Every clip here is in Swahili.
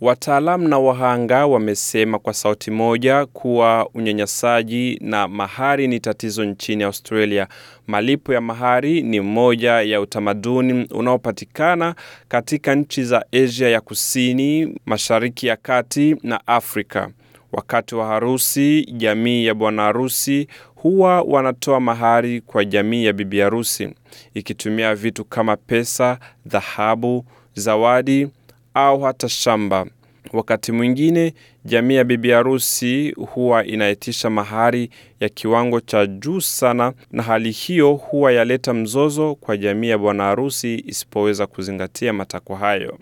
Wataalamu na wahanga wamesema kwa sauti moja kuwa unyanyasaji na mahari ni tatizo nchini Australia. Malipo ya mahari ni moja ya utamaduni unaopatikana katika nchi za Asia ya Kusini, Mashariki ya Kati na Afrika. Wakati wa harusi, jamii ya bwana harusi huwa wanatoa mahari kwa jamii ya bibi harusi, ikitumia vitu kama pesa, dhahabu, zawadi au hata shamba. Wakati mwingine jamii ya bibi harusi huwa inaitisha mahari ya kiwango cha juu sana, na hali hiyo huwa yaleta mzozo kwa jamii ya bwana harusi isipoweza kuzingatia matakwa hayo.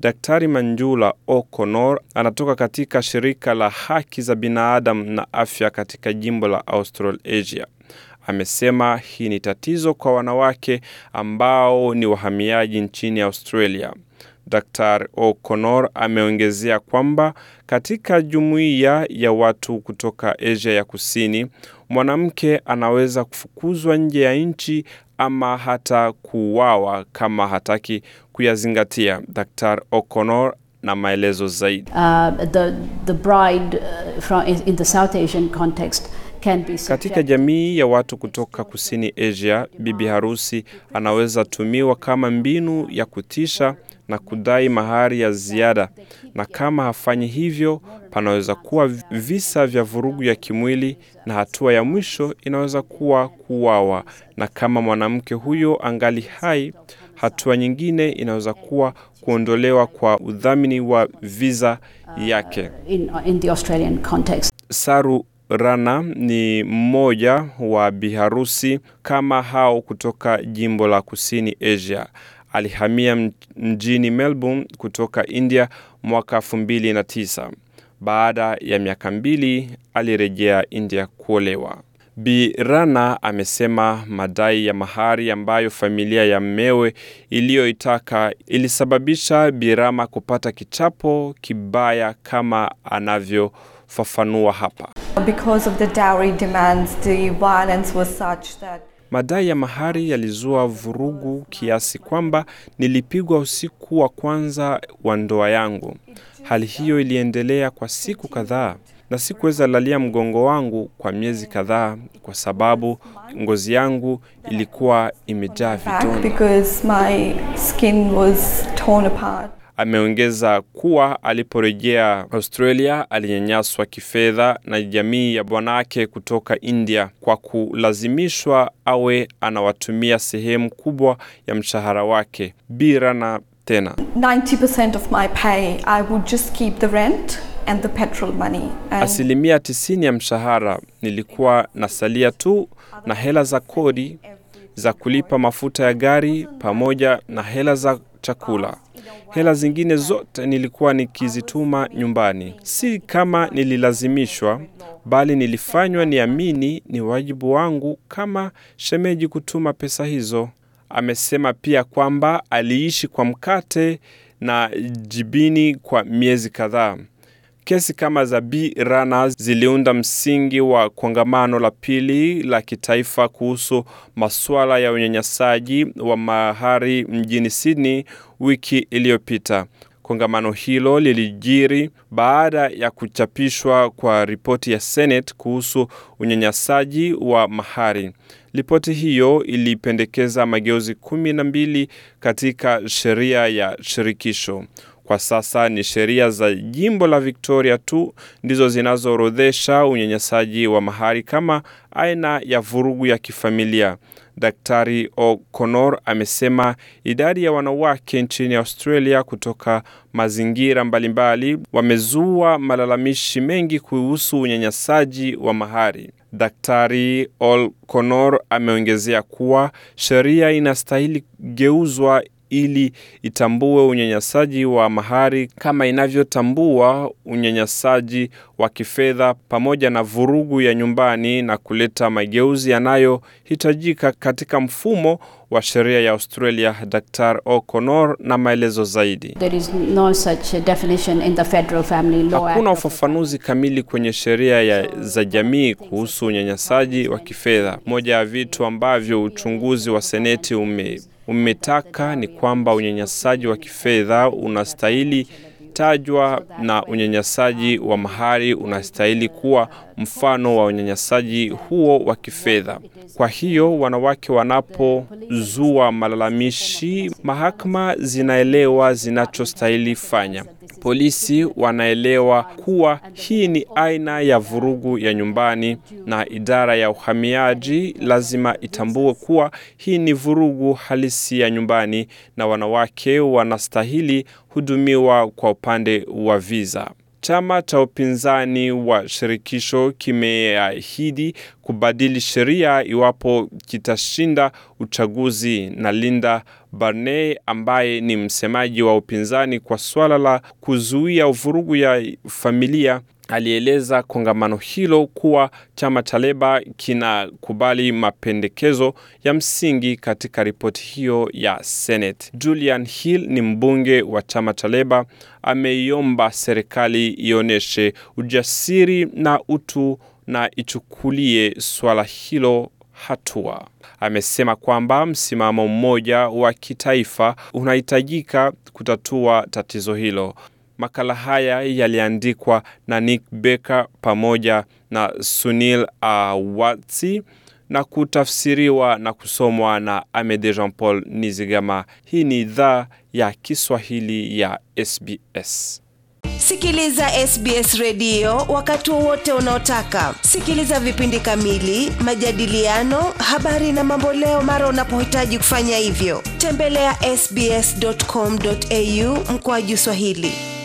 Daktari Manjula O'Connor anatoka katika shirika la haki za binadamu na afya katika jimbo la Australasia. Amesema hii ni tatizo kwa wanawake ambao ni wahamiaji nchini Australia. Dr. O'Connor ameongezea kwamba katika jumuiya ya watu kutoka Asia ya Kusini, mwanamke anaweza kufukuzwa nje ya nchi ama hata kuuawa kama hataki kuyazingatia. Dr. O'Connor na maelezo zaidi. Uh, the, the bride uh, from in the South Asian context katika jamii ya watu kutoka kusini Asia, bibi harusi anaweza tumiwa kama mbinu ya kutisha na kudai mahari ya ziada, na kama hafanyi hivyo, panaweza kuwa visa vya vurugu ya kimwili, na hatua ya mwisho inaweza kuwa kuuawa. Na kama mwanamke huyo angali hai, hatua nyingine inaweza kuwa kuondolewa kwa udhamini wa viza yake. Uh, uh, Saru Rana ni mmoja wa biharusi kama hao kutoka jimbo la Kusini Asia alihamia mjini Melbourne kutoka India mwaka 2009. Baada ya miaka mbili alirejea India kuolewa. Bi Rana amesema madai ya mahari ambayo familia ya mmewe iliyoitaka ilisababisha Birama kupata kichapo kibaya kama anavyofafanua hapa. Because of the dowry demands, the violence was such that Madai ya mahari yalizua vurugu kiasi kwamba nilipigwa usiku wa kwanza wa ndoa yangu. Hali hiyo iliendelea kwa siku kadhaa na sikuweza lalia mgongo wangu kwa miezi kadhaa kwa sababu ngozi yangu ilikuwa imejaa vidonda ameongeza kuwa aliporejea Australia alinyanyaswa kifedha na jamii ya bwanake kutoka India kwa kulazimishwa awe anawatumia sehemu kubwa ya mshahara wake. bira na tena, 90% of my pay I would just keep the rent and the petrol money. And... asilimia tisini ya mshahara nilikuwa nasalia tu na hela za kodi za kulipa mafuta ya gari pamoja na hela za chakula. Hela zingine zote nilikuwa nikizituma nyumbani, si kama nililazimishwa, bali nilifanywa niamini ni wajibu wangu kama shemeji kutuma pesa hizo. Amesema pia kwamba aliishi kwa mkate na jibini kwa miezi kadhaa. Kesi kama za B Rana ziliunda msingi wa kongamano la pili la kitaifa kuhusu masuala ya unyanyasaji wa mahari mjini Sydney wiki iliyopita. Kongamano hilo lilijiri baada ya kuchapishwa kwa ripoti ya Senate kuhusu unyanyasaji wa mahari. Ripoti hiyo ilipendekeza mageuzi kumi na mbili katika sheria ya shirikisho. Kwa sasa ni sheria za jimbo la Victoria tu ndizo zinazoorodhesha unyanyasaji wa mahari kama aina ya vurugu ya kifamilia. Daktari O'Connor amesema idadi ya wanawake nchini Australia kutoka mazingira mbalimbali wamezua malalamishi mengi kuhusu unyanyasaji wa mahari. Daktari O'Connor ameongezea kuwa sheria inastahili geuzwa ili itambue unyanyasaji wa mahari kama inavyotambua unyanyasaji wa kifedha pamoja na vurugu ya nyumbani na kuleta mageuzi yanayohitajika katika mfumo wa sheria ya Australia. Dr. O'Connor na maelezo zaidi. There is no such definition in the Federal Family Law. Hakuna ufafanuzi kamili kwenye sheria za jamii kuhusu unyanyasaji wa kifedha, moja ya vitu ambavyo uchunguzi wa Seneti ume umetaka ni kwamba unyanyasaji wa kifedha unastahili tajwa na unyanyasaji wa mahari unastahili kuwa mfano wa unyanyasaji huo wa kifedha. Kwa hiyo wanawake wanapozua malalamishi, mahakama zinaelewa zinachostahili fanya. Polisi wanaelewa kuwa hii ni aina ya vurugu ya nyumbani, na idara ya uhamiaji lazima itambue kuwa hii ni vurugu halisi ya nyumbani, na wanawake wanastahili hudumiwa kwa upande wa visa. Chama cha upinzani wa shirikisho kimeahidi kubadili sheria iwapo kitashinda uchaguzi, na Linda Barney ambaye ni msemaji wa upinzani kwa swala la kuzuia vurugu ya familia alieleza kongamano hilo kuwa chama cha Leba kinakubali mapendekezo ya msingi katika ripoti hiyo ya Senate. Julian Hill ni mbunge wa chama cha Leba, ameiomba serikali ionyeshe ujasiri na utu na ichukulie swala hilo hatua. Amesema kwamba msimamo mmoja wa kitaifa unahitajika kutatua tatizo hilo. Makala haya yaliandikwa na Nick Baker pamoja na Sunil Awatsi uh, na kutafsiriwa na kusomwa na Amede Jean Paul Nizigama. Hii ni idhaa ya Kiswahili ya SBS. Sikiliza SBS redio wakati wowote unaotaka. Sikiliza vipindi kamili, majadiliano, habari na mamboleo mara unapohitaji kufanya hivyo. Tembelea sbs.com.au mkoaji Swahili.